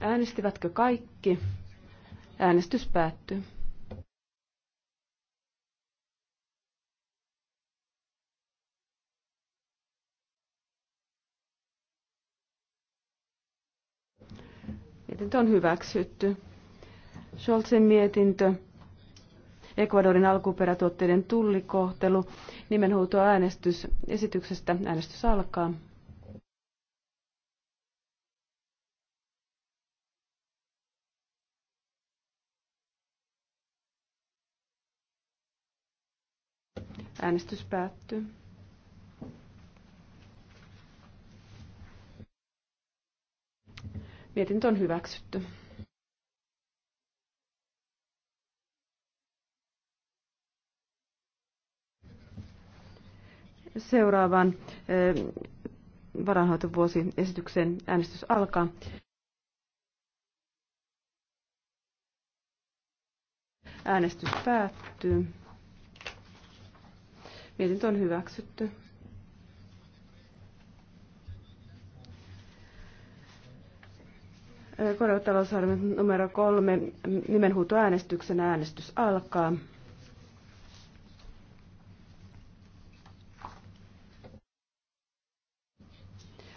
Äänestivätkö kaikki? Äänestys päättyy. Mietintö on hyväksytty. Scholzin mietintö. Ecuadorin alkuperätuotteiden tullikohtelu. Nimenhuutoäänestys esityksestä. Äänestys alkaa. Äänestys päättyy. Mietintö on hyväksytty. Seuraavaan eh, esityksen äänestys alkaa. Äänestys päättyy. Mietintö on hyväksytty. Korvattalousarvion numero kolme nimenhuutoäänestyksen äänestys alkaa.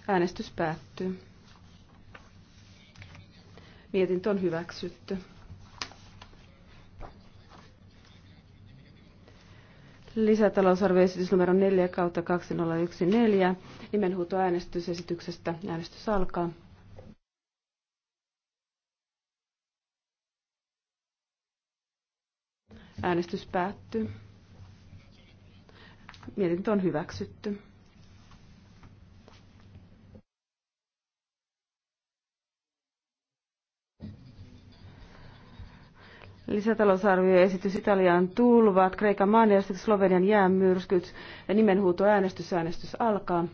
Äänestys päättyy. Mietintö on hyväksytty. lisätalousarvioesitys numero 4 kautta 2014 nimenhuutoäänestysesityksestä. Äänestys alkaa. Äänestys päättyy. Mietintö on hyväksytty. Lisätalousarvioesitys Italian tulvat, Kreikan maanjärjestykset, Slovenian jäämyrskyt ja nimenhuuto äänestys, äänestys alkaa.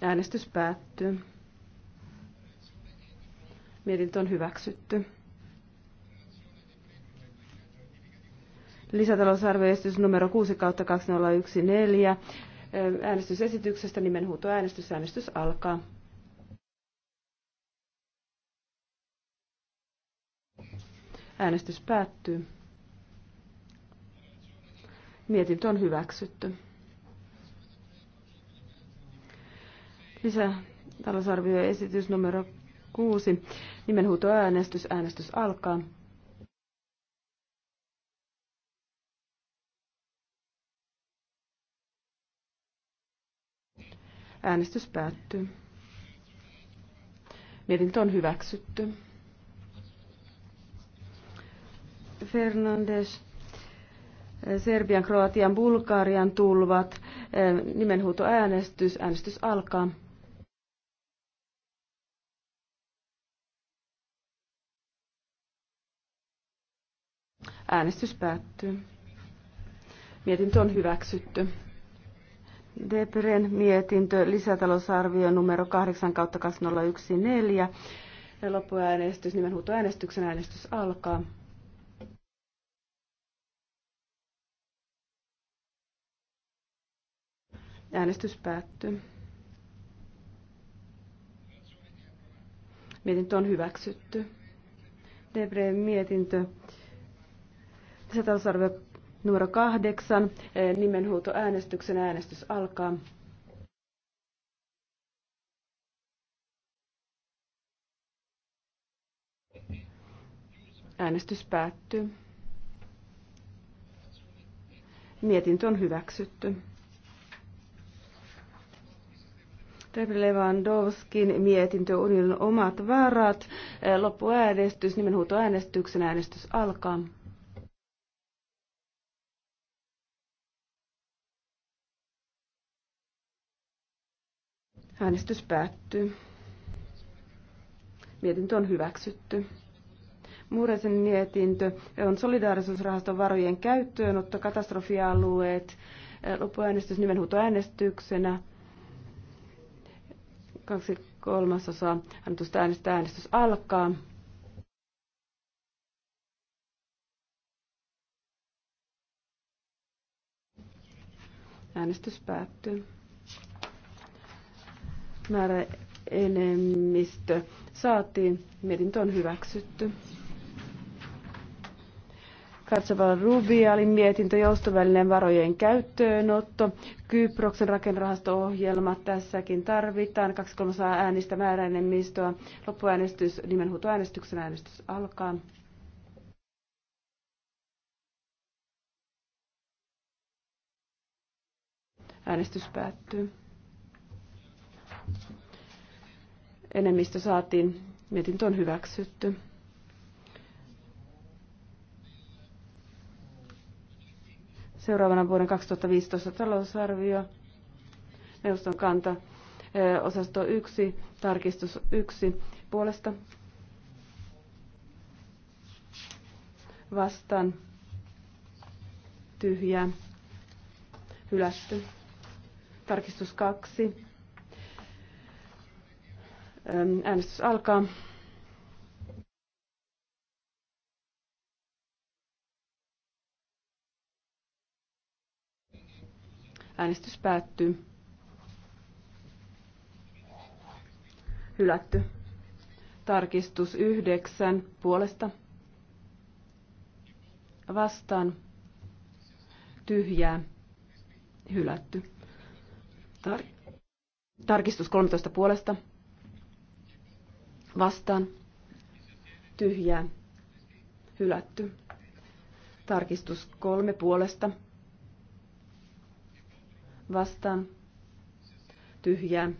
Äänestys päättyy. Mietintö on hyväksytty. Lisätalousarvioesitys numero 6 kautta 2014 äänestysesityksestä huuto Äänestys alkaa. Äänestys päättyy. Mietintö on hyväksytty. Lisä talousarvioesitys numero kuusi. Nimenhuutoäänestys. Äänestys alkaa. Äänestys päättyy. Mietintö on hyväksytty. Fernandes, Serbian, Kroatian, Bulgarian tulvat, eh, äänestys äänestys alkaa. Äänestys päättyy. Mietintö on hyväksytty. Debren mietintö, lisätalousarvio numero 8 kautta 2014. Loppuäänestys, nimenhuutoäänestyksen äänestys alkaa. Äänestys päättyy. Mietintö on hyväksytty. Debreen mietintö. Lisätalousarvio Numero kahdeksan, nimenhuuto äänestyksen äänestys alkaa. Äänestys päättyy. Mietintö on hyväksytty. Trevi Lewandowskin mietintö unionin omat varat. Loppuäänestys, nimenhuutoäänestyksen äänestys alkaa. Äänestys päättyy. Mietintö on hyväksytty. Muuresen mietintö on solidaarisuusrahaston varojen käyttöönotto, katastrofialueet, loppuäänestys nimenhuutoäänestyksenä. Kaksi kolmasosaa annetusta äänestä äänestys alkaa. Äänestys päättyy määrä enemmistö saatiin. Mietintö on hyväksytty. Katsovan Rubialin mietintö joustovälinen varojen käyttöönotto. Kyproksen rakennerahasto-ohjelma tässäkin tarvitaan. Kaksi kolmasosaa äänistä määräenemmistöä. Loppuäänestys, nimenhuutoäänestyksen äänestys alkaa. Äänestys päättyy. enemmistö saatiin. Mietintö on hyväksytty. Seuraavana vuoden 2015 talousarvio. Neuvoston kanta osasto 1, tarkistus 1 puolesta. Vastaan tyhjä hylätty. Tarkistus 2 Äänestys alkaa. Äänestys päättyy. Hylätty. Tarkistus yhdeksän puolesta. Vastaan. Tyhjää. Hylätty. Tar- tarkistus 13 puolesta vastaan tyhjää hylätty. Tarkistus kolme puolesta vastaan tyhjää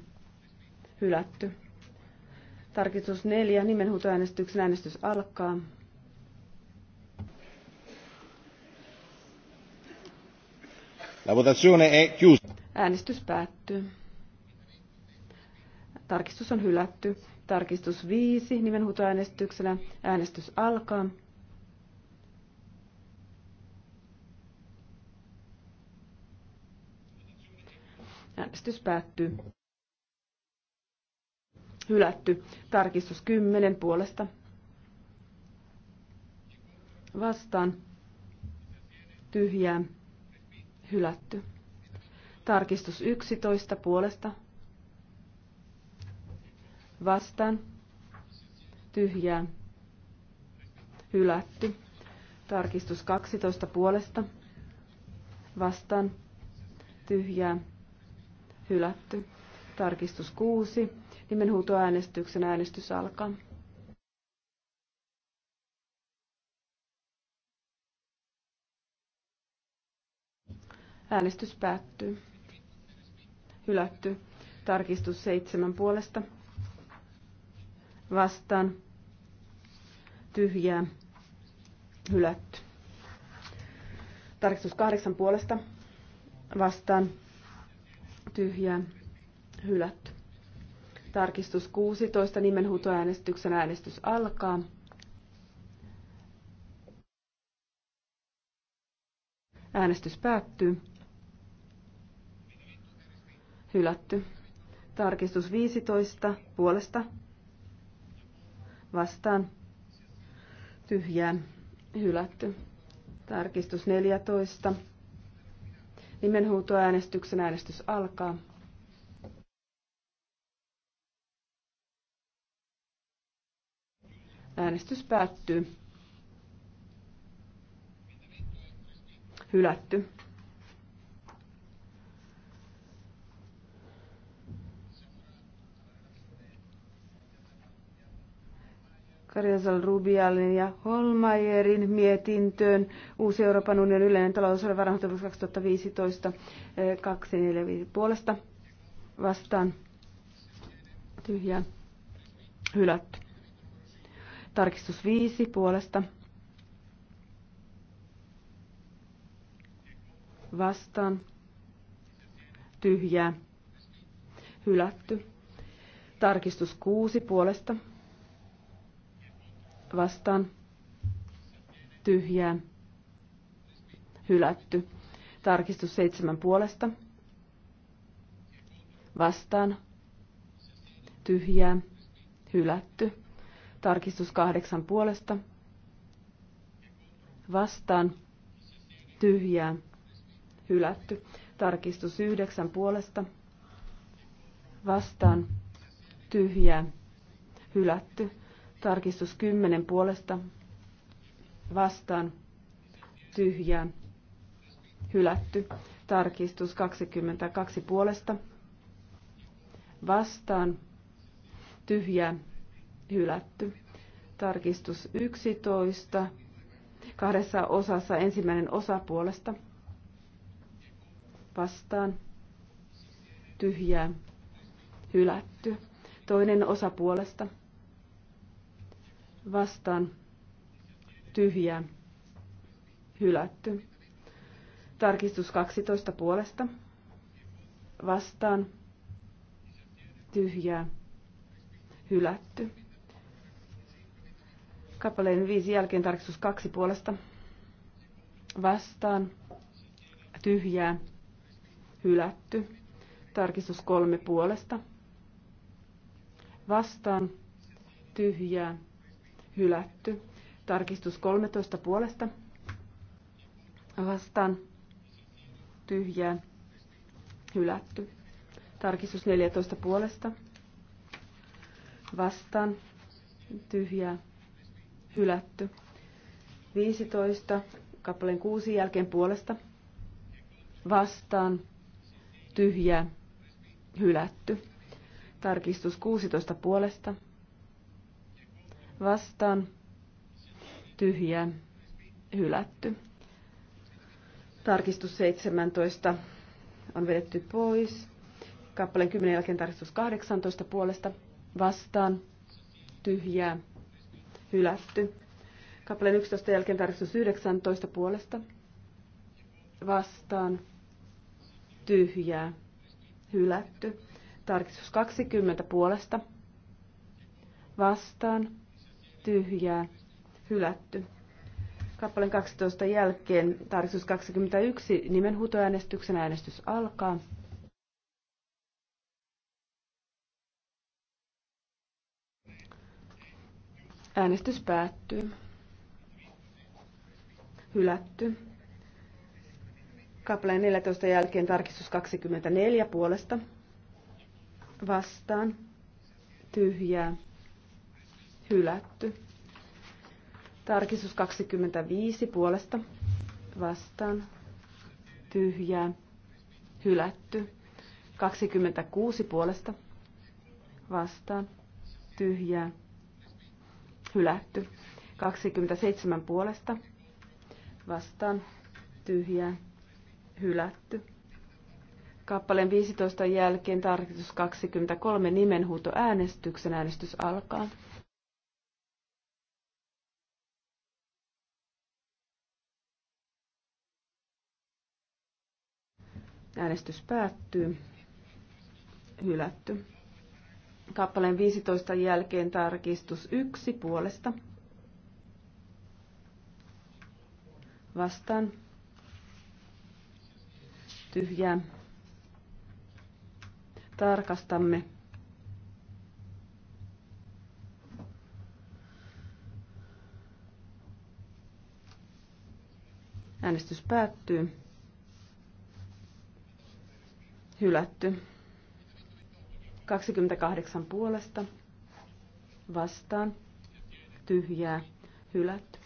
hylätty. Tarkistus neljä nimenhuutoäänestyksen äänestys alkaa. La votazione è chiusa. Äänestys päättyy. Tarkistus on hylätty. Tarkistus 5 nimenhuutoäänestyksellä. Äänestys alkaa. Äänestys päättyy. Hylätty. Tarkistus 10 puolesta. Vastaan. Tyhjää. Hylätty. Tarkistus 11 puolesta vastaan, tyhjää, hylätty. Tarkistus 12 puolesta, vastaan, tyhjää, hylätty. Tarkistus 6, nimenhuutoäänestyksen äänestys alkaa. Äänestys päättyy. Hylätty. Tarkistus seitsemän puolesta vastaan tyhjää hylätty. Tarkistus kahdeksan puolesta vastaan tyhjää hylätty. Tarkistus 16 nimenhuutoäänestyksen äänestys alkaa. Äänestys päättyy. Hylätty. Tarkistus 15 puolesta vastaan tyhjään hylätty. Tarkistus 14. Nimenhuutoäänestyksen äänestys alkaa. Äänestys päättyy. Hylätty. Karjasal Rubialin ja Holmajerin mietintöön Uusi Euroopan unionin yleinen talousarvio varhaisuus 2015 245 puolesta vastaan eh, tyhjä hylätty. Tarkistus 5 puolesta vastaan tyhjää hylätty. Tarkistus 6 puolesta vastaan tyhjää hylätty. Tarkistus seitsemän puolesta vastaan tyhjää hylätty. Tarkistus kahdeksan puolesta vastaan tyhjää hylätty. Tarkistus yhdeksän puolesta vastaan tyhjää hylätty Tarkistus 10 puolesta vastaan tyhjää hylätty. Tarkistus 22 puolesta vastaan tyhjää hylätty. Tarkistus 11 kahdessa osassa ensimmäinen osa puolesta vastaan tyhjää hylätty. Toinen osa puolesta vastaan tyhjää hylätty. Tarkistus 12 puolesta vastaan tyhjää hylätty. Kappaleen 5 jälkeen tarkistus 2 puolesta vastaan tyhjää hylätty. Tarkistus 3 puolesta vastaan tyhjää hylätty. Tarkistus 13 puolesta vastaan tyhjään hylätty. Tarkistus 14 puolesta vastaan tyhjää hylätty. 15 kappaleen 6 jälkeen puolesta vastaan tyhjää hylätty. Tarkistus 16 puolesta vastaan tyhjä, hylätty. Tarkistus 17 on vedetty pois. Kappaleen 10 jälkeen tarkistus 18 puolesta vastaan tyhjää hylätty. Kappaleen 11 jälkeen tarkistus 19 puolesta vastaan tyhjää hylätty. Tarkistus 20 puolesta vastaan tyhjää hylätty. Kappaleen 12 jälkeen tarkistus 21 nimenhuutoäänestyksen äänestys alkaa. Äänestys päättyy. Hylätty. Kappaleen 14 jälkeen tarkistus 24 puolesta. Vastaan. Tyhjää hylätty. Tarkistus 25 puolesta vastaan tyhjää hylätty. 26 puolesta vastaan tyhjää hylätty. 27 puolesta vastaan tyhjää hylätty. Kappaleen 15 jälkeen tarkistus 23 nimenhuuto äänestyksen äänestys alkaa. Äänestys päättyy. Hylätty. Kappaleen 15 jälkeen tarkistus 1 puolesta. Vastaan. Tyhjää. Tarkastamme. Äänestys päättyy. Hylätty. 28 puolesta. Vastaan. Tyhjää. Hylätty.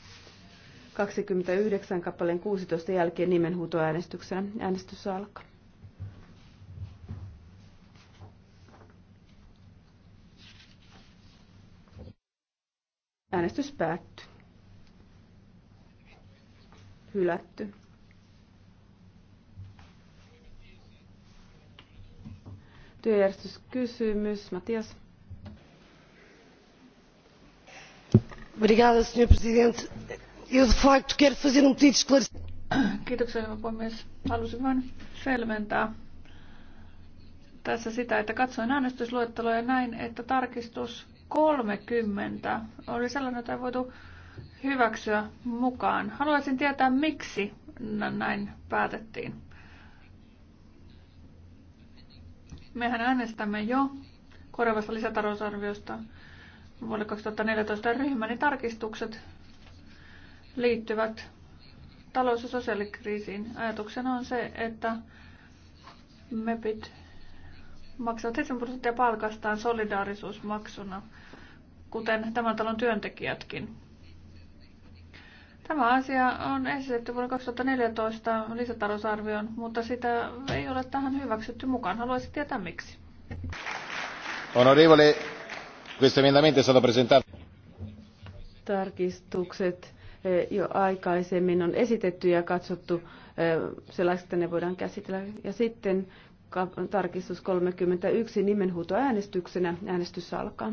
29 kappaleen 16 jälkeen nimenhuutoäänestykseen. Äänestys alkaa. Äänestys päättyy. Hylätty. Työjärjestyskysymys, Matias. Obrigada, Sr. Presidente. Eu, de facto, quero fazer um pedido de esclarecimento. Kiitoksia, hyvä puhemies. Halusin vain selventää tässä sitä, että katsoin äänestysluetteloa ja näin, että tarkistus 30 oli sellainen, jota ei voitu hyväksyä mukaan. Haluaisin tietää, miksi näin päätettiin. Mehän äänestämme jo korjaavasta lisätalousarviosta vuodelle 2014 ryhmäni tarkistukset liittyvät talous- ja sosiaalikriisiin. Ajatuksena on se, että MEPit maksavat 7 prosenttia palkastaan solidaarisuusmaksuna, kuten tämän talon työntekijätkin. Tämä asia on esitetty vuonna 2014 lisätalousarvioon, mutta sitä ei ole tähän hyväksytty mukaan. Haluaisin tietää miksi. Onorevole, questo emendamento è stato presentato. Tarkistukset eh, jo aikaisemmin on esitetty ja katsottu eh, sellaiset, että ne voidaan käsitellä. Ja sitten tarkistus 31 nimenhuutoäänestyksenä. Äänestys alkaa.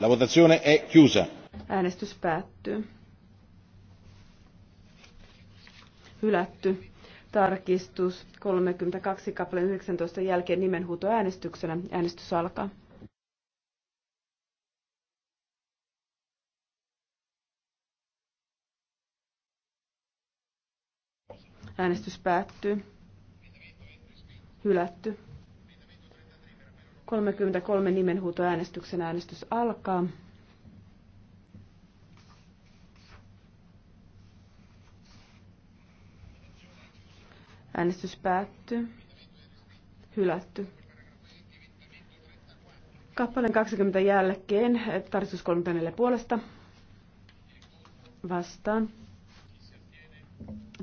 La votazione è chiusa. Äänestys päättyy. Hylätty. Tarkistus 32 kappaleen 19 jälkeen nimenhuuto äänestyksenä. Äänestys alkaa. Äänestys päättyy. Hylätty. 33 nimenhuutoäänestyksen äänestys alkaa. Äänestys päättyy. Hylätty. Kappaleen 20 jälkeen tarkistus 34 puolesta. Vastaan.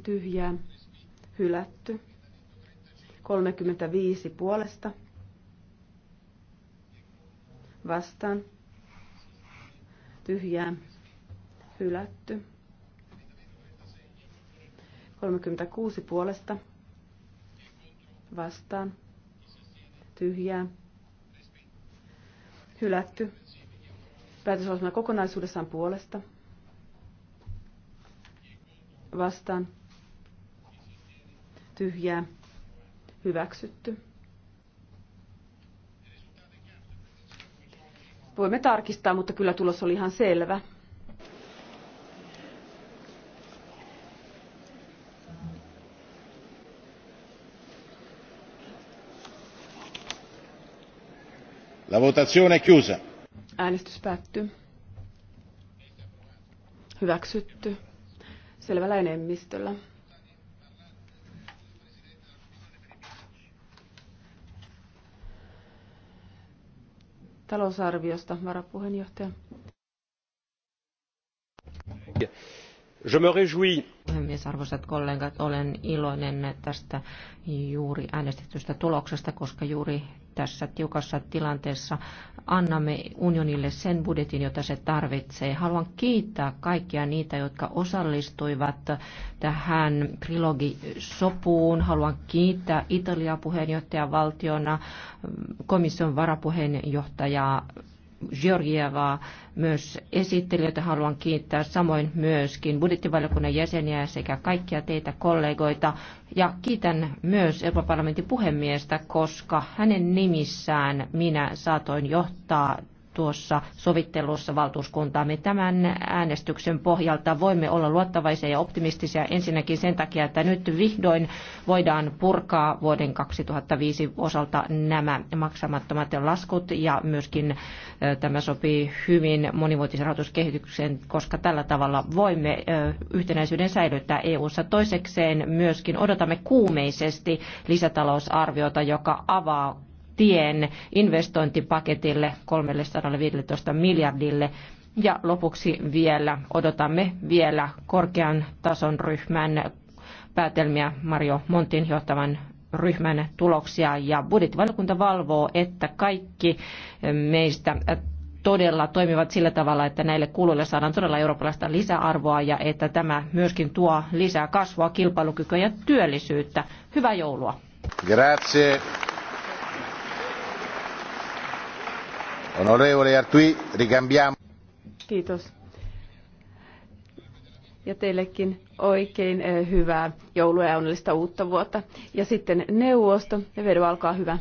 Tyhjää. Hylätty. 35 puolesta vastaan tyhjää hylätty. 36 puolesta vastaan tyhjää hylätty. Päätöslausuma kokonaisuudessaan puolesta vastaan tyhjää hyväksytty. Voimme tarkistaa, mutta kyllä tulos oli ihan selvä. La votazione è chiusa. Äänestys päättyy. Hyväksytty. Selvällä enemmistöllä. talousarviosta, varapuheenjohtaja. Je me réjouis. Puhemies, arvoisat kollegat, olen iloinen tästä juuri äänestetystä tuloksesta, koska juuri tässä tiukassa tilanteessa annamme unionille sen budjetin, jota se tarvitsee. Haluan kiittää kaikkia niitä, jotka osallistuivat tähän trilogisopuun. Haluan kiittää Italiaa puheenjohtajavaltiona, komission varapuheenjohtajaa Georgievaa myös esittelijöitä haluan kiittää, samoin myöskin budjettivaliokunnan jäseniä sekä kaikkia teitä kollegoita. Ja kiitän myös Euroopan parlamentin puhemiestä, koska hänen nimissään minä saatoin johtaa tuossa sovittelussa valtuuskuntaamme. Tämän äänestyksen pohjalta voimme olla luottavaisia ja optimistisia ensinnäkin sen takia, että nyt vihdoin voidaan purkaa vuoden 2005 osalta nämä maksamattomat laskut ja myöskin tämä sopii hyvin monivuotisen rahoituskehitykseen, koska tällä tavalla voimme yhtenäisyyden säilyttää EU-ssa. Toisekseen myöskin odotamme kuumeisesti lisätalousarviota, joka avaa tien investointipaketille 315 miljardille. Ja lopuksi vielä odotamme vielä korkean tason ryhmän päätelmiä Mario Montin johtavan ryhmän tuloksia ja budjettivaliokunta valvoo, että kaikki meistä todella toimivat sillä tavalla, että näille kuluille saadaan todella eurooppalaista lisäarvoa ja että tämä myöskin tuo lisää kasvua, kilpailukykyä ja työllisyyttä. Hyvää joulua! Grazie. Kiitos. Ja teillekin oikein eh, hyvää joulua ja onnellista uutta vuotta. Ja sitten neuvosto. Ja Vedu, alkaa hyvä.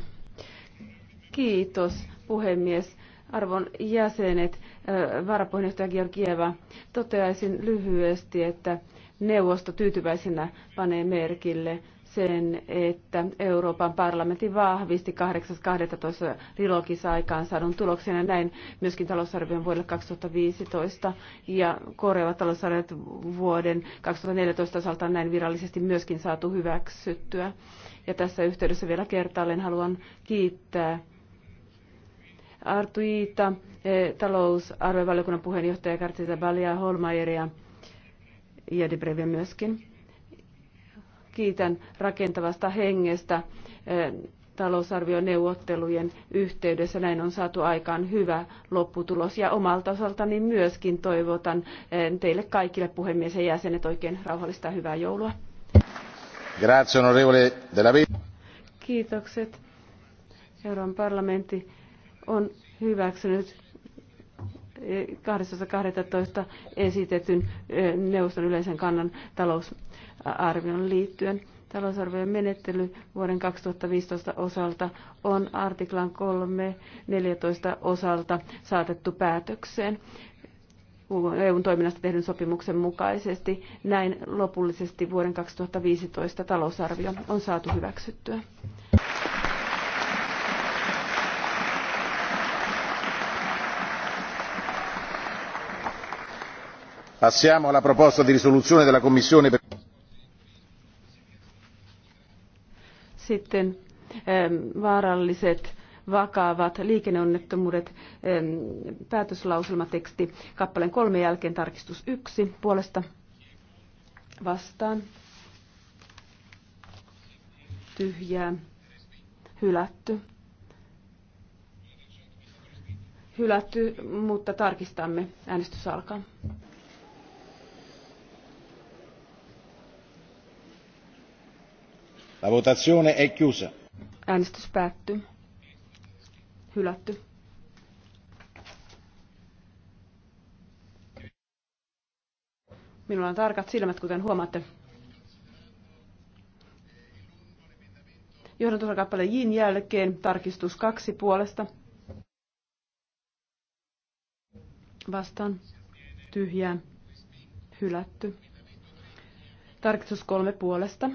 Kiitos, puhemies. Arvon jäsenet, eh, varapuheenjohtaja Georgieva, toteaisin lyhyesti, että neuvosto tyytyväisenä panee merkille sen, että Euroopan parlamentti vahvisti 8.12. trilogissa aikaan saadun tuloksena näin myöskin talousarvion vuodelle 2015 ja korjaavat talousarviot vuoden 2014 osalta näin virallisesti myöskin saatu hyväksyttyä. Ja tässä yhteydessä vielä kertaalleen haluan kiittää Artu Iita, eh, talousarviovaliokunnan puheenjohtaja Kartsita Balia Holmaieria ja Debrevia myöskin kiitän rakentavasta hengestä eh, talousarvioneuvottelujen yhteydessä. Näin on saatu aikaan hyvä lopputulos ja omalta osaltani myöskin toivotan eh, teille kaikille puhemies ja jäsenet oikein rauhallista hyvää joulua. della Kiitokset. Euroopan parlamentti on hyväksynyt 12.12. esitetyn neuvoston yleisen kannan talousarvion liittyen. Talousarvion menettely vuoden 2015 osalta on artiklan 3.14 osalta saatettu päätökseen. EUn toiminnasta tehdyn sopimuksen mukaisesti. Näin lopullisesti vuoden 2015 talousarvio on saatu hyväksyttyä. Passiamo alla proposta di risoluzione della Commissione per... Sitten ehm, vaaralliset vakavat liikenneonnettomuudet, ehm, päätöslauselmateksti, kappaleen kolme jälkeen tarkistus yksi, puolesta vastaan, tyhjää, hylätty. Hylätty, mutta tarkistamme. Äänestys alkaa. La votazione è chiusa. Äänestys päättyy. Hylätty. Minulla on tarkat silmät, kuten huomaatte. Johdantusakappale Jin jälkeen tarkistus kaksi puolesta. Vastaan tyhjään hylätty. Tarkistus kolme puolesta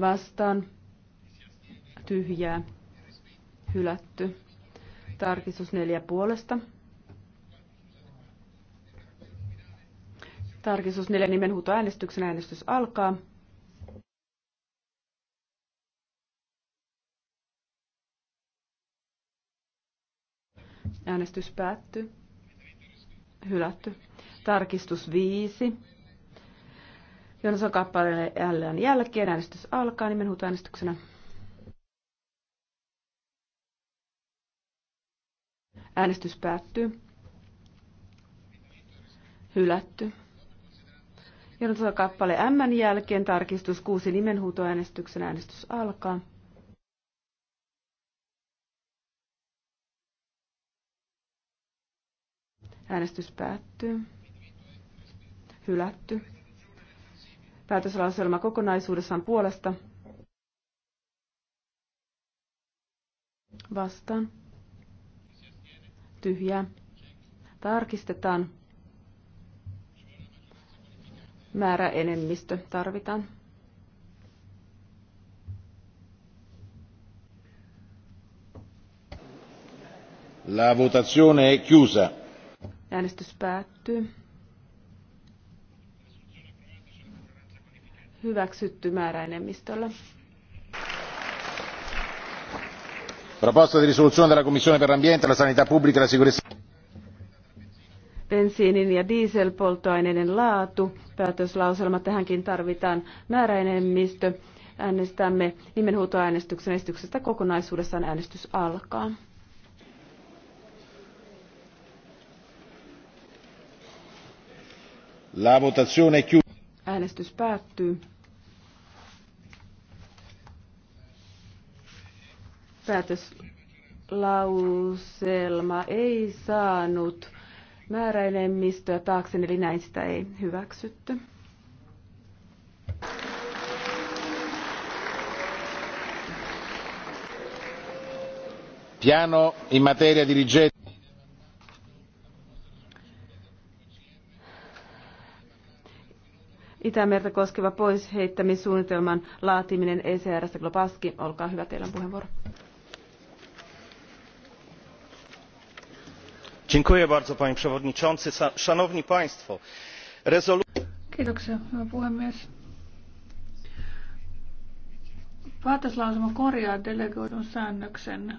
vastaan tyhjää hylätty. Tarkistus neljä puolesta. Tarkistus neljä äänestyksen äänestys alkaa. Äänestys päättyy. Hylätty. Tarkistus viisi Jonas on kappaleelle jälleen jälkeen. Äänestys alkaa nimenhuutoäänestyksenä. Äänestys päättyy. Hylätty. Jonotusta kappale M jälkeen tarkistus kuusi nimenhuutoäänestyksen äänestys alkaa. Äänestys päättyy. Hylätty päätöslauselma kokonaisuudessaan puolesta. Vastaan. Tyhjää. Tarkistetaan. Määrä enemmistö tarvitaan. La votazione è chiusa. Äänestys päättyy. hyväksytty määräenemmistöllä. Proposta di risoluzione della Commissione per l'ambiente, la sanità pubblica e la sicurezza. Bensiinin ja dieselpolttoaineiden laatu. Päätöslauselma tähänkin tarvitaan määräenemmistö. Äänestämme nimenhuutoäänestyksen esityksestä kokonaisuudessaan äänestys alkaa. La votazione è chiusa. Äänestys päättyy. Päätöslauselma ei saanut määräenemmistöä taakse, eli näin sitä ei hyväksytty. Piano in materia di rigetto. Itämerta koskeva poisheittämissuunnitelman laatiminen ECRS Globaski. Olkaa hyvä, teillä on puheenvuoro. panie przewodniczący! szanowni państwo! korjaa delegoidun säännöksen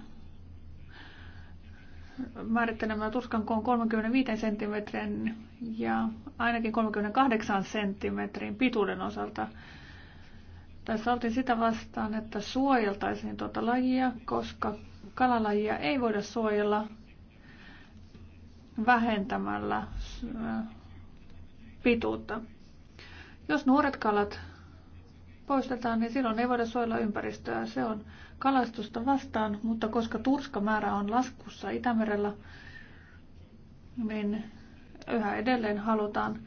määrittelemään tuskan koon 35 senttimetrin ja ainakin 38 cm pituuden osalta. Tässä oltiin sitä vastaan, että suojeltaisiin tuota lajia, koska kalalajia ei voida suojella vähentämällä äh, pituutta. Jos nuoret kalat poistetaan, niin silloin ei voida suojella ympäristöä. Se on kalastusta vastaan, mutta koska turskamäärä on laskussa Itämerellä, niin yhä edelleen halutaan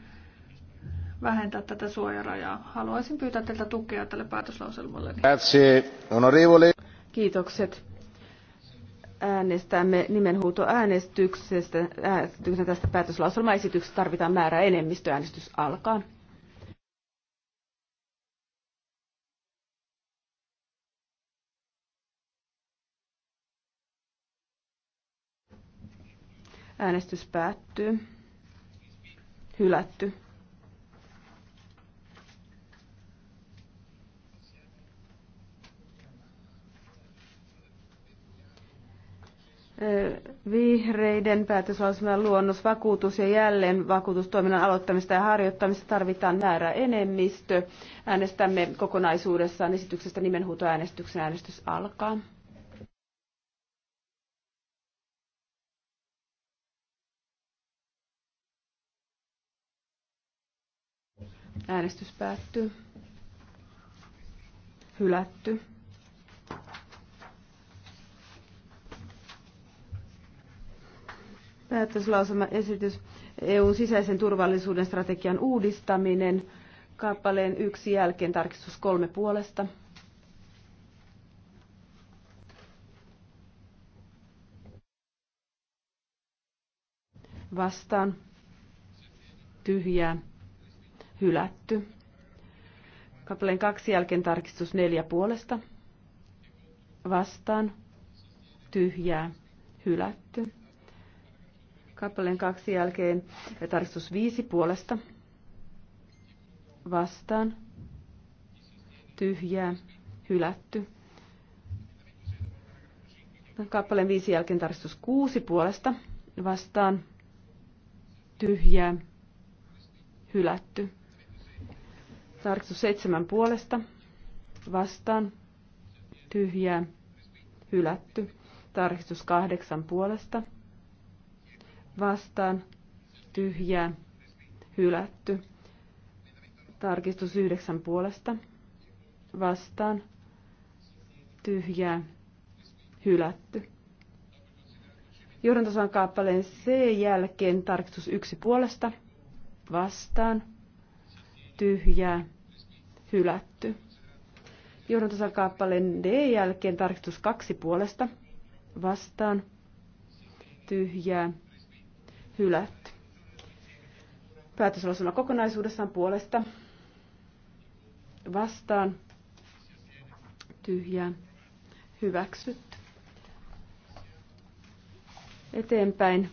vähentää tätä suojarajaa. Haluaisin pyytää teiltä tukea tälle päätöslauselmalle. Kiitokset. Äänestämme äänestyksestä, äänestyksestä, tästä päätöslauselmaesityksestä tarvitaan määrä Äänestys alkaa. Äänestys päättyy. Hylätty. Vihreiden päätöslauselman luonnos vakuutus ja jälleen vakuutustoiminnan aloittamista ja harjoittamista tarvitaan määrä enemmistö. Äänestämme kokonaisuudessaan esityksestä nimenhuutoäänestyksen äänestys alkaa. Äänestys päättyy. Hylätty. Päätöslausuma esitys EUn sisäisen turvallisuuden strategian uudistaminen. Kappaleen yksi jälkeen tarkistus kolme puolesta. Vastaan. Tyhjää hylätty. Kappaleen kaksi jälkeen tarkistus neljä puolesta. Vastaan. Tyhjää. Hylätty. Kappaleen kaksi jälkeen tarkistus viisi puolesta. Vastaan. Tyhjää. Hylätty. Kappaleen viisi jälkeen tarkistus kuusi puolesta. Vastaan. Tyhjää. Hylätty Tarkistus seitsemän puolesta. Vastaan. Tyhjää. Hylätty. Tarkistus kahdeksan puolesta. Vastaan. Tyhjää. Hylätty. Tarkistus yhdeksän puolesta. Vastaan. Tyhjää. Hylätty. Johdantosan kaappaleen C jälkeen tarkistus yksi puolesta. Vastaan tyhjä, hylätty. Johdantosan D jälkeen tarkistus kaksi puolesta vastaan, tyhjää, hylätty. Päätöslausuma kokonaisuudessaan puolesta vastaan, tyhjää, hyväksytty. Eteenpäin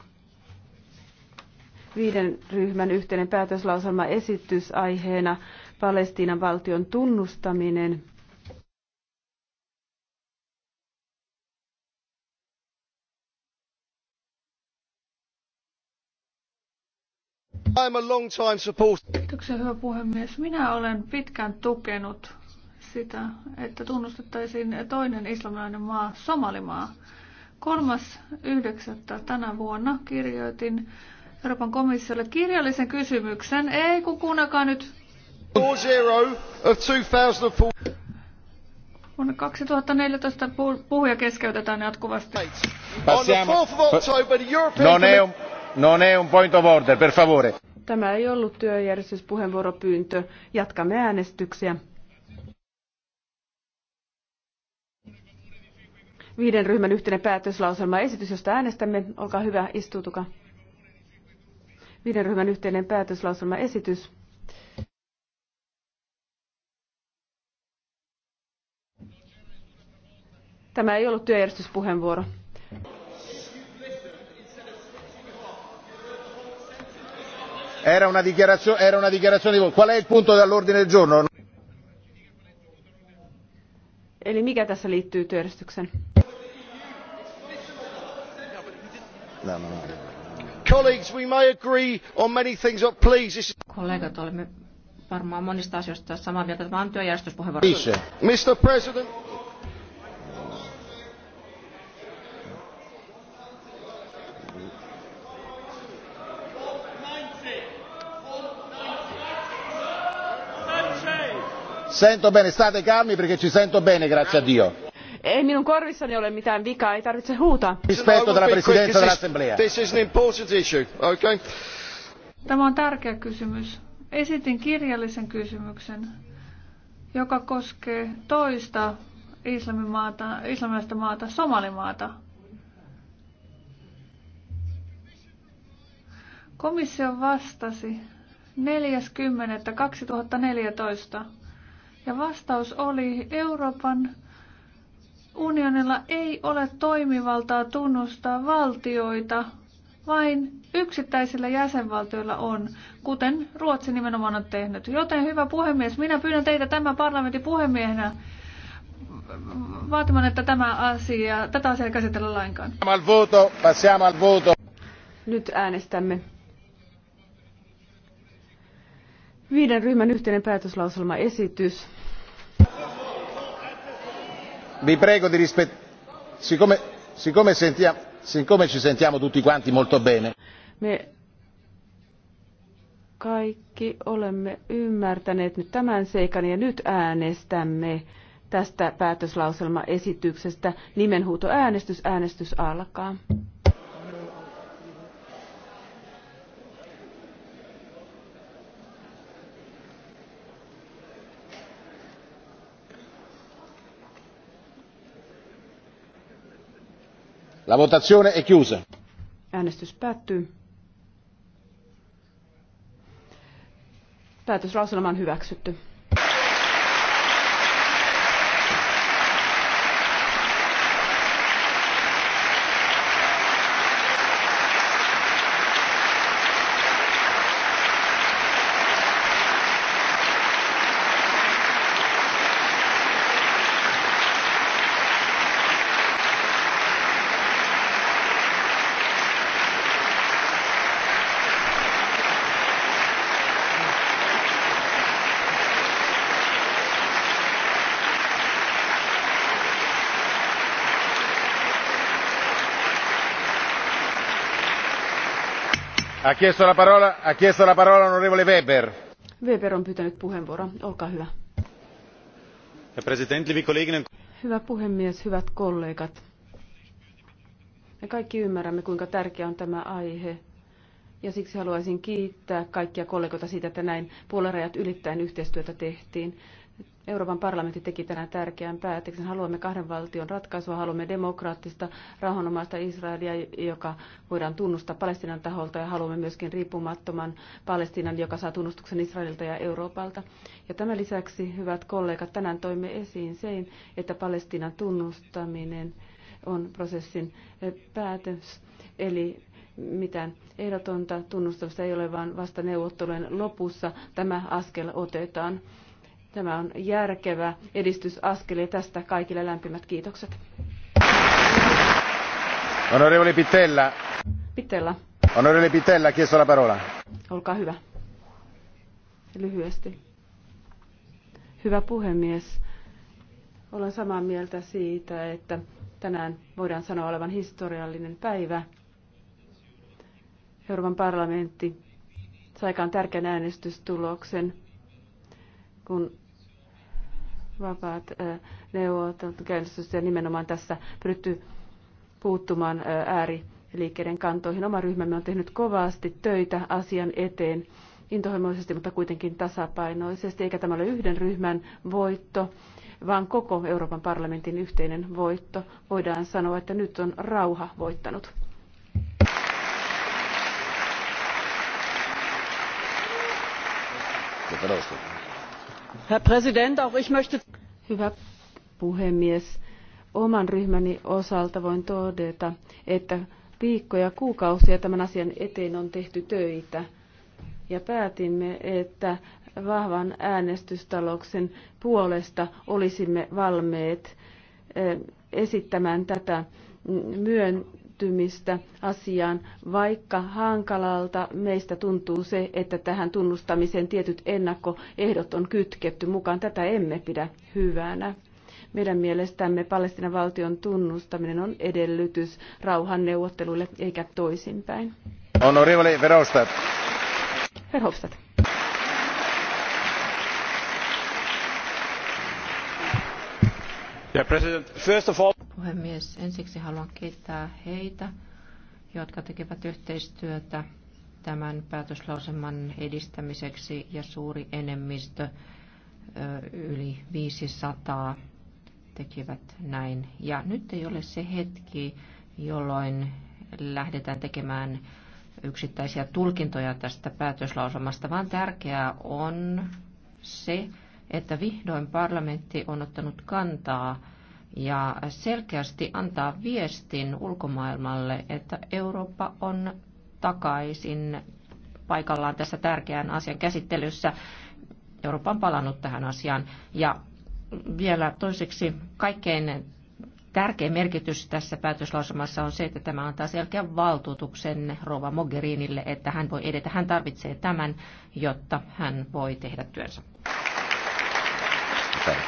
viiden ryhmän yhteinen päätöslauselma esitys aiheena Palestiinan valtion tunnustaminen. I'm a long time supporter. Kiitoksia hyvä puhemies. Minä olen pitkään tukenut sitä, että tunnustettaisiin toinen islamilainen maa, Somalimaa. 3.9. tänä vuonna kirjoitin Euroopan komissiolle kirjallisen kysymyksen. Ei, kun kuunnakaa nyt. Vuonna 2014 puhuja keskeytetään jatkuvasti. No Non è un, non è un point of order, per favore. Tämä ei ollut työjärjestyspuheenvuoropyyntö. Jatkamme äänestyksiä. Viiden ryhmän yhteinen päätöslauselma esitys, josta äänestämme. Olkaa hyvä, istuutukaa viiden ryhmän yhteinen päätöslauselma esitys. Tämä ei ollut työjärjestyspuheenvuoro. Era una dichiarazione, era una dichiarazione di voto. Qual è il punto dell'ordine del giorno? Eli mikä tässä liittyy työjärjestykseen? No, no, no. no. Kollegat, olemme varmaan monista asioista samaa mieltä. Tämä on työjärjestyspuheenvuoro. Mr. President. Sento bene, state calmi perché ci sento bene, grazie a Dio. Ei minun korvissani ole mitään vikaa, ei tarvitse huutaa. Tämä on tärkeä kysymys. Esitin kirjallisen kysymyksen, joka koskee toista islamimaata, islamilaista maata, Somalimaata. Komissio vastasi 4.10.2014 ja vastaus oli Euroopan unionilla ei ole toimivaltaa tunnustaa valtioita, vain yksittäisillä jäsenvaltioilla on, kuten Ruotsi nimenomaan on tehnyt. Joten hyvä puhemies, minä pyydän teitä tämän parlamentin puhemiehenä vaatimaan, että tämä asia, tätä asiaa käsitellä lainkaan. Nyt äänestämme. Viiden ryhmän yhteinen esitys vi prego di rispettare siccome ci sentiamo tutti quanti molto bene me kaikki olemme ymmärtäneet nyt tämän seikan ja nyt äänestämme tästä päätöslauselmaesityksestä nimenhuutoäänestys äänestys alkaa. La votazione è chiusa. Äänestys päättyy. Päätöslauselma on hyväksytty. Weber. on pyytänyt puheenvuoron. Olkaa hyvä. Hyvä puhemies, hyvät kollegat. Me kaikki ymmärrämme, kuinka tärkeä on tämä aihe. Ja siksi haluaisin kiittää kaikkia kollegoita siitä, että näin puolarajat ylittäen yhteistyötä tehtiin. Euroopan parlamentti teki tänään tärkeän päätöksen. Haluamme kahden valtion ratkaisua, haluamme demokraattista, rauhanomaista Israelia, joka voidaan tunnustaa Palestinan taholta, ja haluamme myöskin riippumattoman Palestinan, joka saa tunnustuksen Israelilta ja Euroopalta. Ja tämän lisäksi, hyvät kollegat, tänään toimme esiin sen, että Palestinan tunnustaminen on prosessin eh, päätös, eli mitään ehdotonta tunnustusta ei ole, vaan vasta neuvottelujen lopussa tämä askel otetaan. Tämä on järkevä edistysaskel ja tästä kaikille lämpimät kiitokset. Onorevoli Pitella. Pitella. Onorevoli Pitella, chiesto la parola. Olkaa hyvä. Lyhyesti. Hyvä puhemies. Olen samaa mieltä siitä, että tänään voidaan sanoa olevan historiallinen päivä. Euroopan parlamentti saikaan tärkeän äänestystuloksen, kun vapaat on käynnistystä ja nimenomaan tässä pyritty puuttumaan ääriliikkeiden kantoihin. Oma ryhmämme on tehnyt kovasti töitä asian eteen intohimoisesti, mutta kuitenkin tasapainoisesti, eikä tämä ole yhden ryhmän voitto, vaan koko Euroopan parlamentin yhteinen voitto. Voidaan sanoa, että nyt on rauha voittanut. Kiitos. Herr Präsident, auch ich möchte... Hyvä puhemies, oman ryhmäni osalta voin todeta, että viikkoja, kuukausia tämän asian eteen on tehty töitä. Ja päätimme, että vahvan äänestystaloksen puolesta olisimme valmeet eh, esittämään tätä myöntä keskittymistä asiaan, vaikka hankalalta meistä tuntuu se, että tähän tunnustamiseen tietyt ennakkoehdot on kytketty mukaan. Tätä emme pidä hyvänä. Meidän mielestämme Palestinan valtion tunnustaminen on edellytys rauhanneuvotteluille eikä toisinpäin. Honorable Verhofstadt. Verhofstadt Puhemies, ensiksi haluan kiittää heitä, jotka tekevät yhteistyötä tämän päätöslauselman edistämiseksi ja suuri enemmistö yli 500 tekivät näin. Ja nyt ei ole se hetki, jolloin lähdetään tekemään yksittäisiä tulkintoja tästä päätöslauselmasta, vaan tärkeää on se, että vihdoin parlamentti on ottanut kantaa ja selkeästi antaa viestin ulkomaailmalle, että Eurooppa on takaisin paikallaan tässä tärkeän asian käsittelyssä. Eurooppa on palannut tähän asiaan. Ja vielä toiseksi kaikkein tärkein merkitys tässä päätöslausumassa on se, että tämä antaa selkeän valtuutuksen Rova Mogherinille, että hän voi edetä. Hän tarvitsee tämän, jotta hän voi tehdä työnsä. Herr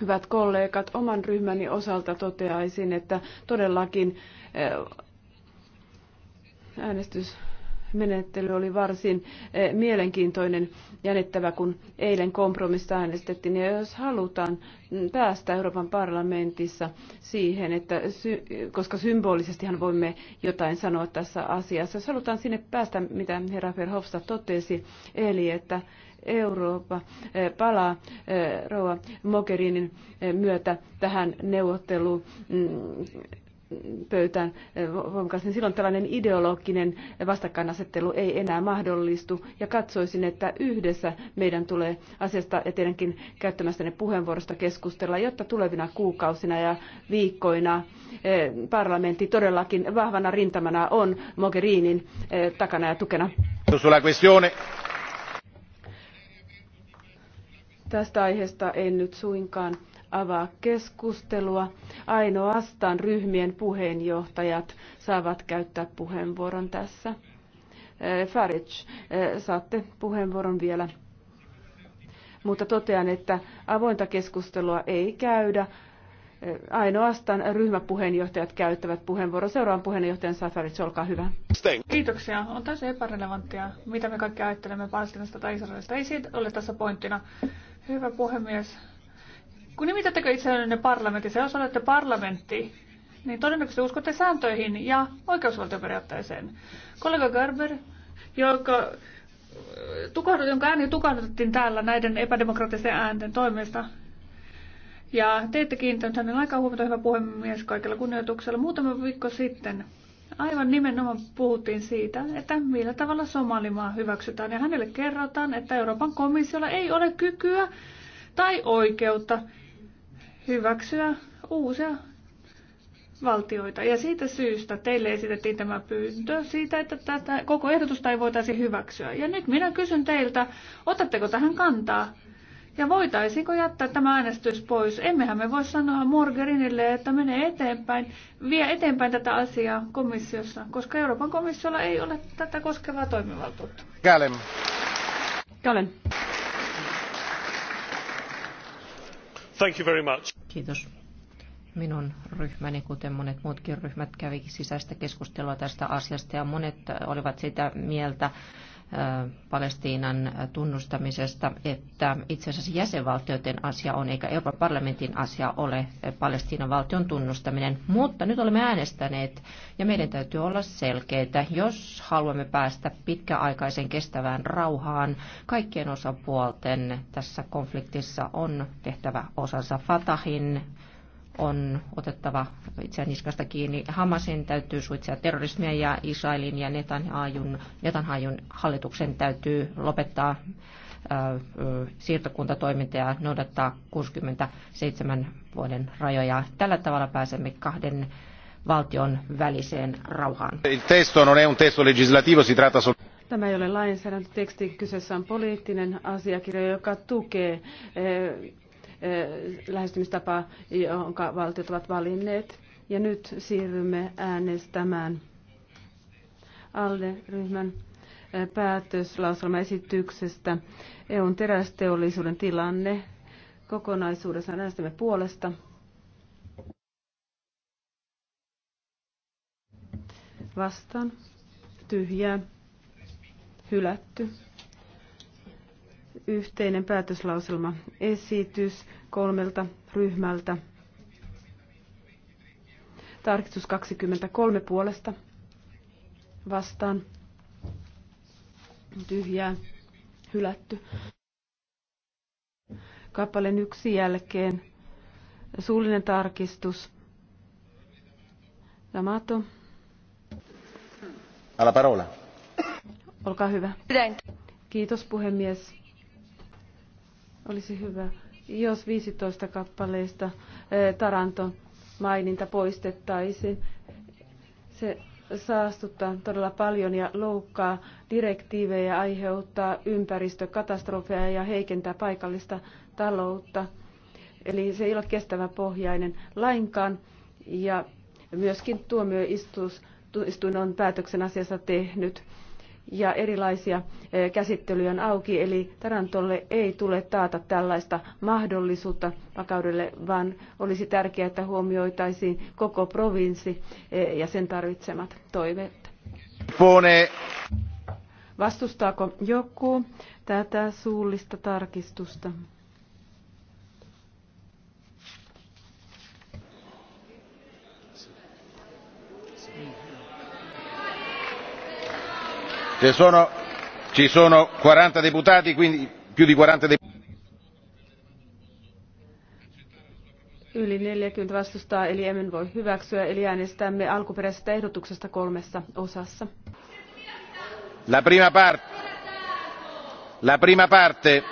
Hyvät kollegat, oman ryhmäni osalta toteaisin, että todellakin eh, äänestys menettely oli varsin eh, mielenkiintoinen jännittävä, kun eilen kompromista äänestettiin. Ja jos halutaan mm, päästä Euroopan parlamentissa siihen, että koska symbolisestihan voimme jotain sanoa tässä asiassa, jos halutaan sinne päästä, mitä herra Verhofstadt totesi, eli että Eurooppa eh, palaa eh, rouva Mogherinin myötä tähän neuvotteluun mm, pöytään voimakas, niin silloin tällainen ideologinen vastakkainasettelu ei enää mahdollistu. Ja katsoisin, että yhdessä meidän tulee asiasta ja teidänkin käyttämästäne puheenvuorosta keskustella, jotta tulevina kuukausina ja viikkoina eh, parlamentti todellakin vahvana rintamana on Mogherinin eh, takana ja tukena. Tästä aiheesta en nyt suinkaan avaa keskustelua. Ainoastaan ryhmien puheenjohtajat saavat käyttää puheenvuoron tässä. Eh, Farage, eh, saatte puheenvuoron vielä. Mutta totean, että avointa keskustelua ei käydä. Eh, ainoastaan ryhmäpuheenjohtajat käyttävät puheenvuoron. Seuraavan puheenjohtajan Safarits, olkaa hyvä. Kiitoksia. On täysin epärelevanttia, mitä me kaikki ajattelemme Palestinasta tai Israelista. Ei siitä ole tässä pointtina. Hyvä puhemies, kun nimitättekö itsellenne parlamentissa, jos olette parlamentti, niin todennäköisesti uskotte sääntöihin ja oikeusvaltioperiaatteeseen. Kollega Gerber, joka äh, tukahdut, jonka ääni tukahdutettiin täällä näiden epädemokraattisten äänten toimesta. Ja teitte kiinnittänyt hänen aikaa huomiota, hyvä puhemies, kaikella kunnioituksella. Muutama viikko sitten aivan nimenomaan puhuttiin siitä, että millä tavalla Somalimaa hyväksytään. Ja hänelle kerrotaan, että Euroopan komissiolla ei ole kykyä tai oikeutta hyväksyä uusia valtioita. Ja siitä syystä teille esitettiin tämä pyyntö siitä, että tätä koko ehdotusta ei voitaisi hyväksyä. Ja nyt minä kysyn teiltä, otatteko tähän kantaa? Ja voitaisiinko jättää tämä äänestys pois? Emmehän me voi sanoa Morgerinille, että mene eteenpäin, vie eteenpäin tätä asiaa komissiossa, koska Euroopan komissiolla ei ole tätä koskevaa toimivaltuutta. Kälem. Kälem. Thank you very much. Kiitos. Minun ryhmäni, kuten monet muutkin ryhmät, kävi sisäistä keskustelua tästä asiasta ja monet olivat sitä mieltä, Palestiinan tunnustamisesta, että itse asiassa jäsenvaltioiden asia on, eikä Euroopan parlamentin asia ole Palestiinan valtion tunnustaminen. Mutta nyt olemme äänestäneet ja meidän täytyy olla selkeitä, jos haluamme päästä pitkäaikaisen kestävään rauhaan. Kaikkien osapuolten tässä konfliktissa on tehtävä osansa Fatahin on otettava itseään niskasta kiinni. Hamasin täytyy suitsia terrorismia ja Israelin ja Netanhajun, Netanhajun hallituksen täytyy lopettaa siirtokuntatoiminta ja noudattaa 67 vuoden rajoja. Tällä tavalla pääsemme kahden valtion väliseen rauhaan. Testo non è un testo legislativo, si tratta sol- Tämä ei ole lainsäädäntöteksti, kyseessä on poliittinen asiakirja, joka tukee eh, Lähestymistapa jonka valtiot ovat valinneet. Ja nyt siirrymme äänestämään ALDE-ryhmän päätöslauselmaesityksestä EUn terästeollisuuden tilanne. Kokonaisuudessaan äänestämme puolesta. Vastaan. Tyhjää. Hylätty yhteinen päätöslauselma esitys kolmelta ryhmältä. Tarkistus 23 puolesta vastaan. Tyhjää hylätty. Kappaleen yksi jälkeen suullinen tarkistus. Damato. Alla parola. Olkaa hyvä. Kiitos puhemies olisi hyvä, jos 15 kappaleista eh, Taranto maininta poistettaisiin. Se saastuttaa todella paljon ja loukkaa direktiivejä, aiheuttaa ympäristökatastrofeja ja heikentää paikallista taloutta. Eli se ei ole kestävä pohjainen lainkaan ja myöskin tuomioistuin on päätöksen asiassa tehnyt ja erilaisia eh, käsittelyjä on auki, eli Tarantolle ei tule taata tällaista mahdollisuutta vakaudelle, vaan olisi tärkeää, että huomioitaisiin koko provinssi eh, ja sen tarvitsemat toiveet. Pone. Vastustaako joku tätä suullista tarkistusta? ci sono quaranta deputati quindi più di quaranta deputati. yli neljäkymmentä vastustaa eli emme voi hyväksyä eli äänestämme alkuperäisestä ehdotuksesta kolmessa osassa. La prima parte. La prima parte.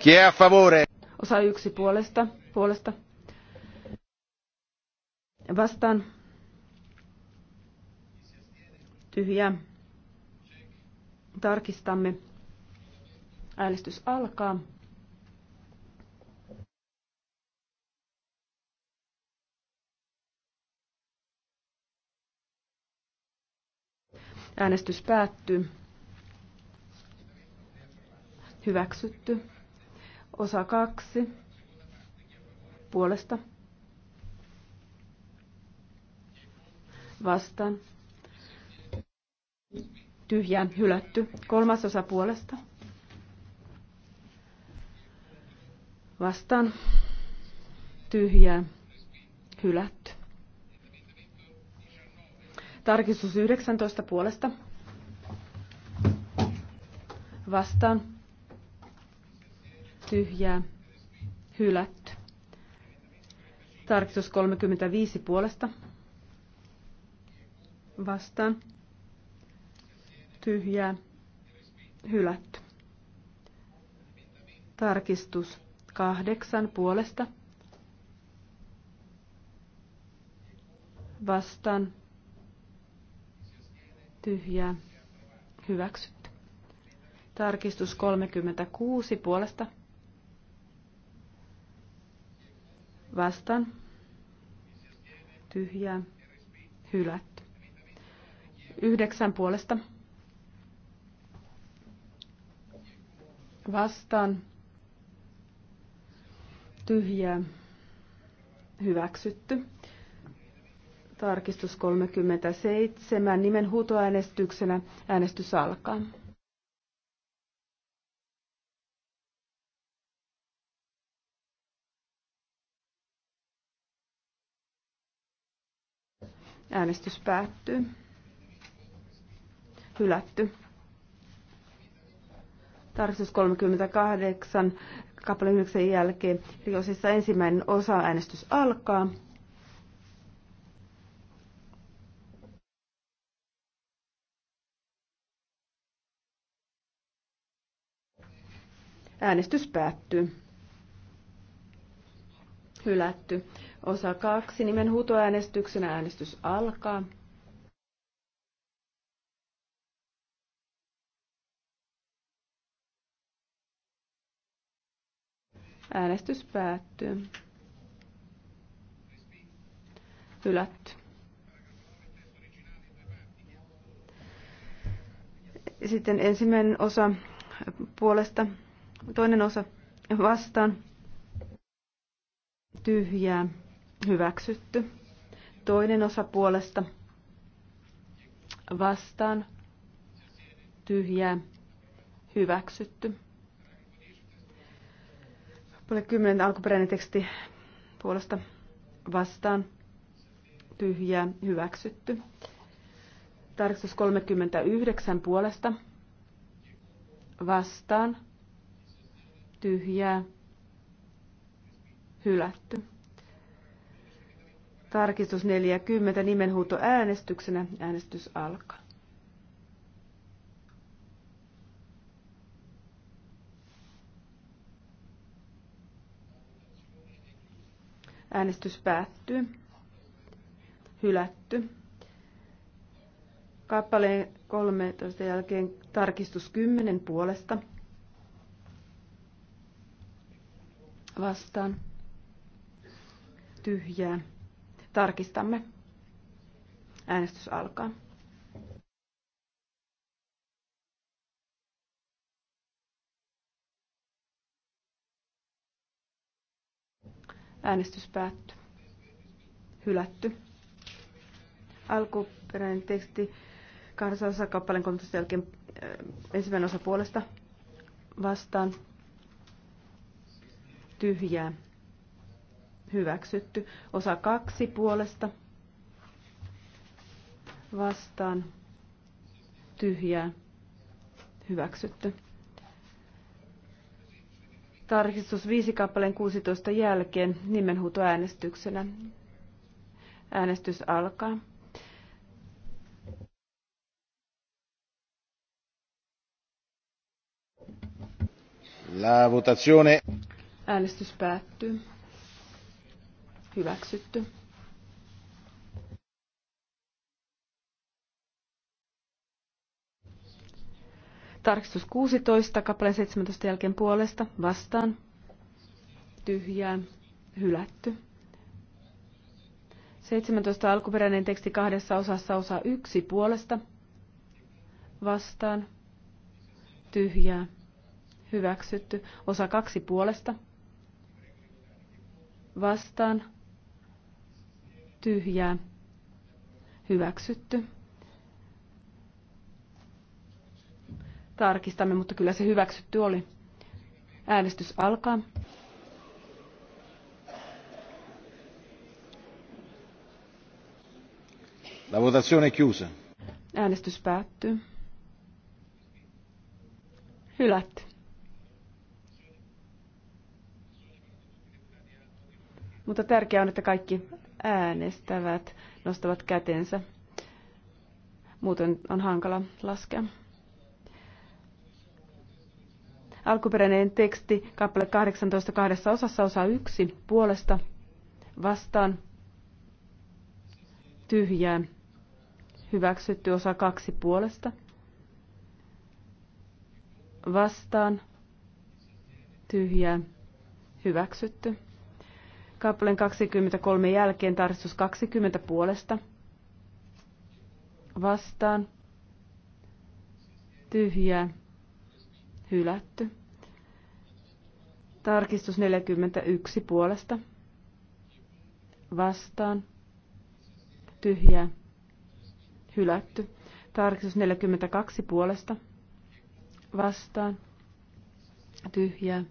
Chi è a favore? Osa yksi puolesta. Puolesta. Vastaan. Tyhjää. Tarkistamme. Äänestys alkaa. Äänestys päättyy. Hyväksytty. Osa kaksi. Puolesta. Vastaan tyhjään hylätty. Kolmasosa puolesta. Vastaan tyhjään hylätty. Tarkistus 19 puolesta. Vastaan tyhjää hylätty. Tarkistus 35 puolesta. Vastaan tyhjää, hylätty. Tarkistus kahdeksan puolesta. Vastaan, tyhjää, hyväksytty. Tarkistus 36 puolesta. Vastaan, tyhjää, hylätty. Yhdeksän puolesta vastaan tyhjää hyväksytty. Tarkistus 37. Nimen huutoäänestyksenä äänestys alkaa. Äänestys päättyy. Hylätty. Tarkistus 38, kappale 9 jälkeen. Eli osissa ensimmäinen osa äänestys alkaa. Äänestys päättyy. Hylätty. Osa kaksi nimen huutoäänestyksenä äänestys alkaa. Äänestys päättyy. Hylätty. Sitten ensimmäinen osa puolesta, toinen osa vastaan. Tyhjää. Hyväksytty. Toinen osa puolesta vastaan. Tyhjää. Hyväksytty. Puole 10 alkuperäinen teksti puolesta vastaan. Tyhjää hyväksytty. Tarkistus 39 puolesta vastaan. Tyhjää hylätty. Tarkistus 40 nimenhuuto äänestyksenä. Äänestys alkaa. Äänestys päättyy. Hylätty. Kappaleen 13 jälkeen tarkistus 10 puolesta. Vastaan. Tyhjää. Tarkistamme. Äänestys alkaa. Äänestys päättyy. Hylätty. Alkuperäinen teksti kahdessa osassa kappaleen koulutusta jälkeen äh, ensimmäinen osa puolesta vastaan tyhjää hyväksytty. Osa kaksi puolesta vastaan tyhjää hyväksytty. Tarkistus 5 kappaleen 16 jälkeen nimenhuutoäänestyksenä. Äänestys alkaa. La votazione. Äänestys päättyy. Hyväksytty. Tarkistus 16, kappaleen 17 jälkeen puolesta, vastaan, tyhjää, hylätty. 17 alkuperäinen teksti kahdessa osassa osa 1 puolesta, vastaan, tyhjää, hyväksytty. Osa 2 puolesta, vastaan, tyhjää, hyväksytty. tarkistamme, mutta kyllä se hyväksytty oli. Äänestys alkaa. La votazione è chiusa. Äänestys päättyy. Hylätty. Mutta tärkeää on, että kaikki äänestävät nostavat kätensä. Muuten on hankala laskea. Alkuperäinen teksti, kappale 18, kahdessa osassa, osa yksi, puolesta, vastaan, tyhjää, hyväksytty, osa kaksi puolesta, vastaan, tyhjää, hyväksytty. Kappaleen 23 jälkeen tarkistus 20 puolesta, vastaan, tyhjää, hylätty. Tarkistus 41 puolesta. Vastaan. Tyhjää. Hylätty. Tarkistus 42 puolesta. Vastaan. Tyhjää.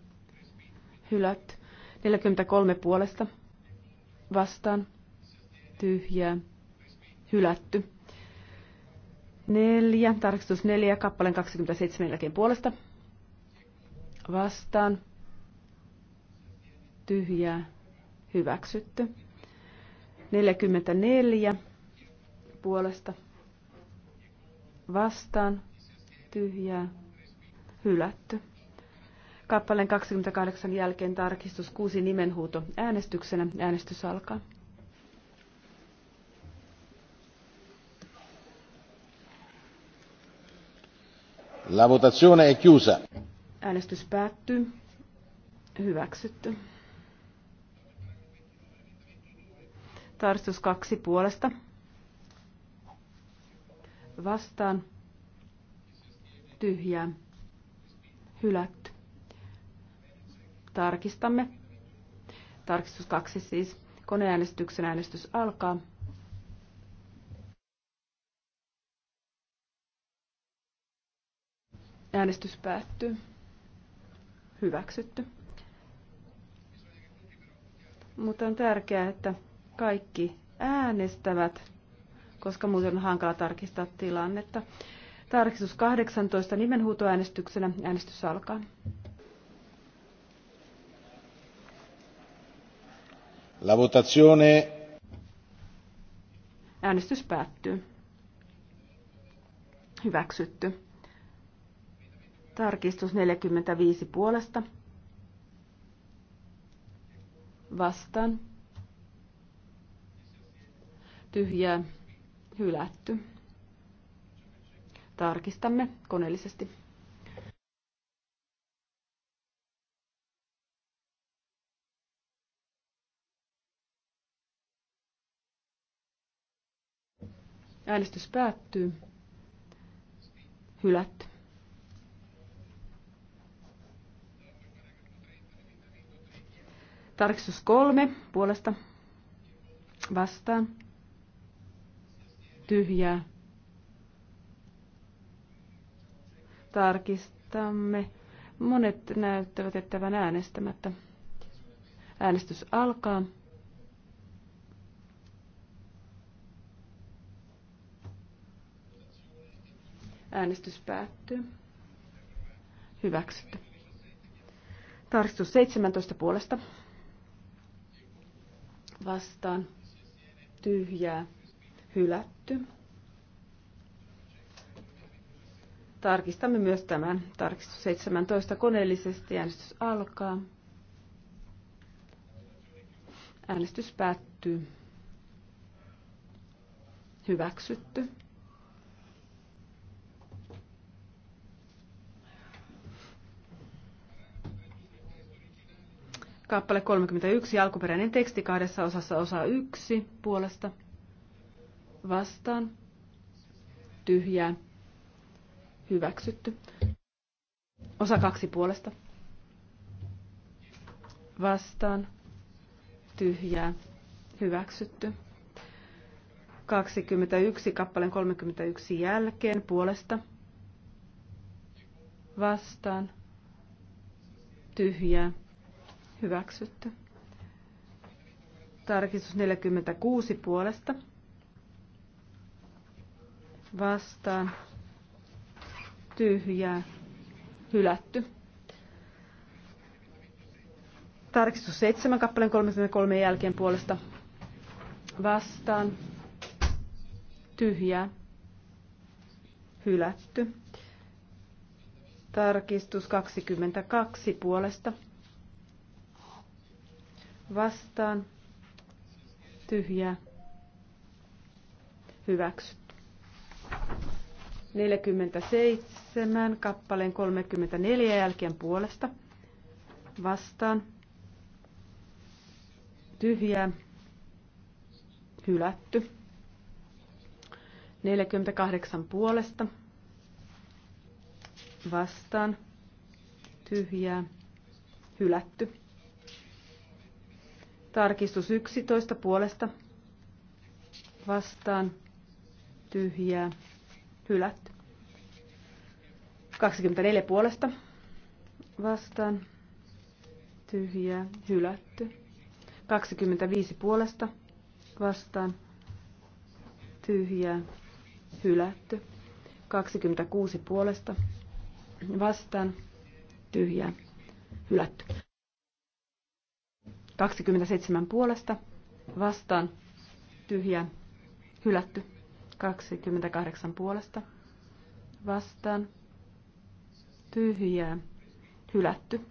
Hylätty. 43 puolesta. Vastaan. Tyhjää. Hylätty. 4. Tarkistus 4. Kappaleen 27 jälkeen puolesta vastaan tyhjää hyväksytty. 44 puolesta vastaan tyhjää hylätty. Kappaleen 28 jälkeen tarkistus kuusi nimenhuuto äänestyksenä. Äänestys alkaa. La votazione è chiusa. Äänestys päättyy. Hyväksytty. Tarkistus kaksi puolesta. Vastaan. Tyhjää. Hylätty. Tarkistamme. Tarkistus kaksi siis. Koneäänestyksen äänestys alkaa. Äänestys päättyy hyväksytty. Mutta on tärkeää, että kaikki äänestävät, koska muuten on hankala tarkistaa tilannetta. Tarkistus 18 nimenhuutoäänestyksenä. Äänestys alkaa. La votazione. Äänestys päättyy. Hyväksytty. Tarkistus 45 puolesta. Vastaan. Tyhjää. Hylätty. Tarkistamme koneellisesti. Äänestys päättyy. Hylätty. Tarkistus kolme puolesta vastaan. Tyhjää. Tarkistamme. Monet näyttävät jättävän äänestämättä. Äänestys alkaa. Äänestys päättyy. Hyväksytty. Tarkistus 17 puolesta vastaan tyhjää hylätty. Tarkistamme myös tämän. Tarkistus 17 koneellisesti. Äänestys alkaa. Äänestys päättyy. Hyväksytty. Kappale 31, alkuperäinen teksti kahdessa osassa osa 1 puolesta. Vastaan. Tyhjää. Hyväksytty. Osa 2 puolesta. Vastaan. Tyhjää. Hyväksytty. 21 kappaleen 31 jälkeen puolesta. Vastaan. Tyhjää Hyväksytty. Tarkistus 46 puolesta. Vastaan. Tyhjää. Hylätty. Tarkistus 7 kappaleen 33 jälkeen puolesta. Vastaan. Tyhjää. Hylätty. Tarkistus 22 puolesta vastaan tyhjää hyväksytty. 47 kappaleen 34 jälkeen puolesta vastaan tyhjää hylätty. 48 puolesta vastaan tyhjää hylätty. Tarkistus 11 puolesta vastaan tyhjää Hylät. 24 puolesta vastaan tyhjää hylätty. 25 puolesta vastaan tyhjää hylätty. 26 puolesta vastaan tyhjää hylätty. 27 puolesta vastaan tyhjä hylätty. 28 puolesta vastaan tyhjää hylätty.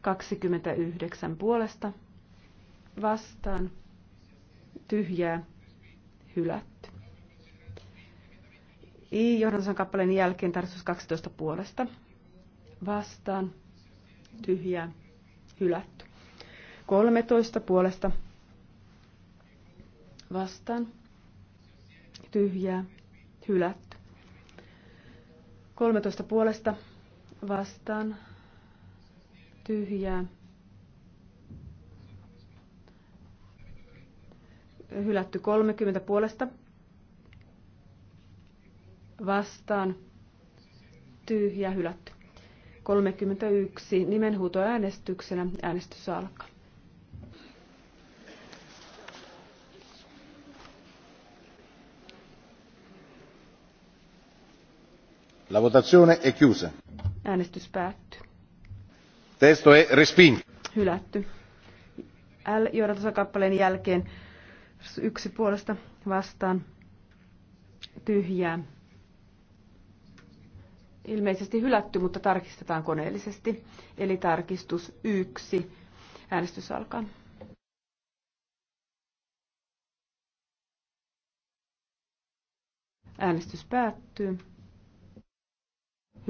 29 puolesta vastaan tyhjää hylätty. I johdantosan kappaleen jälkeen tarkistus 12 puolesta vastaan tyhjää hylätty. 13 puolesta vastaan. Tyhjää. Hylätty. 13 puolesta vastaan. Tyhjää. Hylätty 30 puolesta vastaan. Tyhjä hylätty. 31. Nimenhuutoäänestyksenä äänestys alkaa. La votazione è chiusa. Äänestys päättyy. Testo è respinto. Hylätty. L kappaleen jälkeen yksi puolesta vastaan tyhjää. Ilmeisesti hylätty, mutta tarkistetaan koneellisesti. Eli tarkistus yksi. Äänestys alkaa. Äänestys päättyy.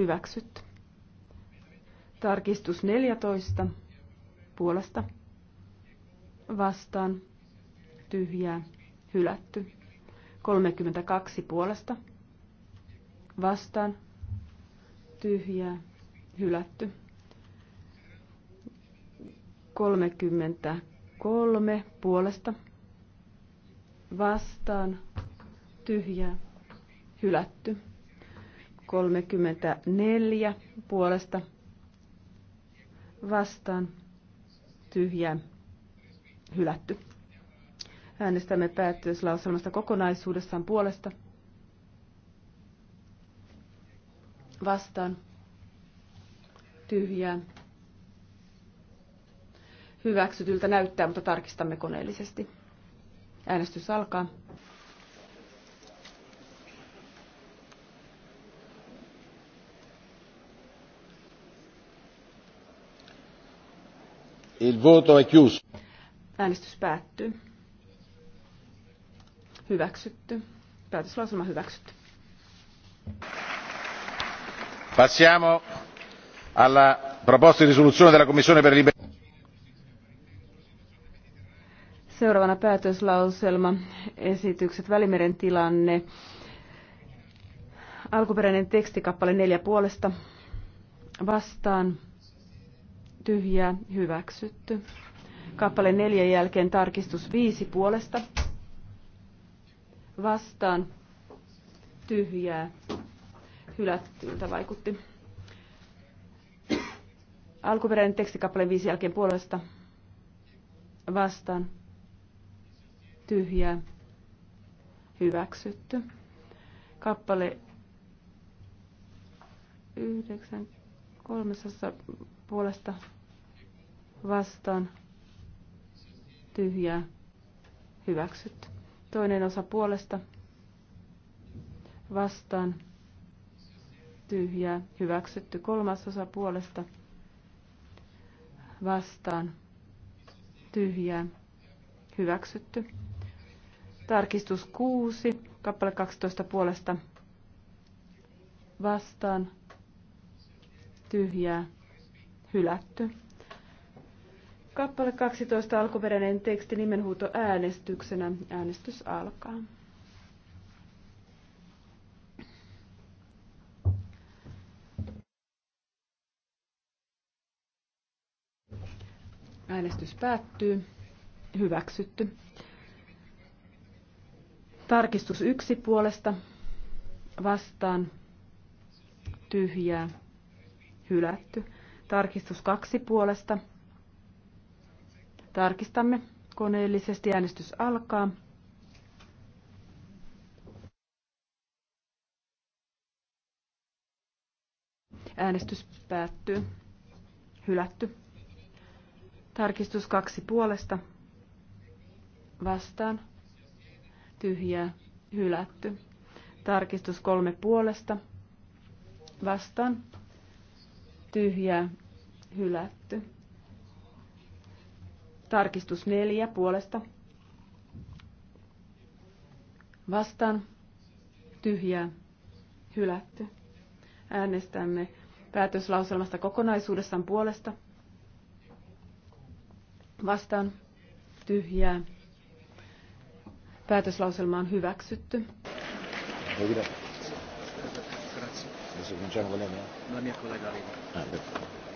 Hyväksytty. Tarkistus 14. Puolesta. Vastaan. Tyhjää. Hylätty. 32 puolesta. Vastaan. Tyhjää. Hylätty. 33 puolesta. Vastaan. Tyhjää. Hylätty. 34 puolesta vastaan tyhjää hylätty. Äänestämme päättyyslauselmasta kokonaisuudessaan puolesta vastaan tyhjää hyväksytyltä näyttää, mutta tarkistamme koneellisesti. Äänestys alkaa. Il voto è chiuso. Äänestys päättyy. Hyväksytty. Päätöslauselma hyväksytty. Passiamo alla proposta di risoluzione della Commissione per libertà. Seuraavana päätöslauselma esitykset Välimeren tilanne. Alkuperäinen tekstikappale neljä puolesta vastaan tyhjää hyväksytty. Kappale neljän jälkeen tarkistus viisi puolesta. Vastaan tyhjää hylättyltä vaikutti. Alkuperäinen teksti kappale viisi jälkeen puolesta vastaan tyhjää hyväksytty. Kappale yhdeksän kolmessa puolesta vastaan tyhjää hyväksytty. Toinen osa puolesta vastaan tyhjää hyväksytty. Kolmas osa puolesta vastaan tyhjää hyväksytty. Tarkistus 6, kappale 12 puolesta vastaan tyhjää hylätty. Kappale 12 alkuperäinen teksti nimenhuuto äänestyksenä. Äänestys alkaa. Äänestys päättyy. Hyväksytty. Tarkistus yksi puolesta. Vastaan. Tyhjää. Hylätty. Tarkistus kaksi puolesta. Tarkistamme koneellisesti. Äänestys alkaa. Äänestys päättyy. Hylätty. Tarkistus kaksi puolesta. Vastaan. Tyhjää. Hylätty. Tarkistus kolme puolesta. Vastaan tyhjä, hylätty. Tarkistus neljä puolesta. Vastaan, tyhjä, hylätty. Äänestämme päätöslauselmasta kokonaisuudessaan puolesta. Vastaan, tyhjä, Päätöslauselma on hyväksytty. Hyvä cominciamo con lei? No, la mia collega Reda.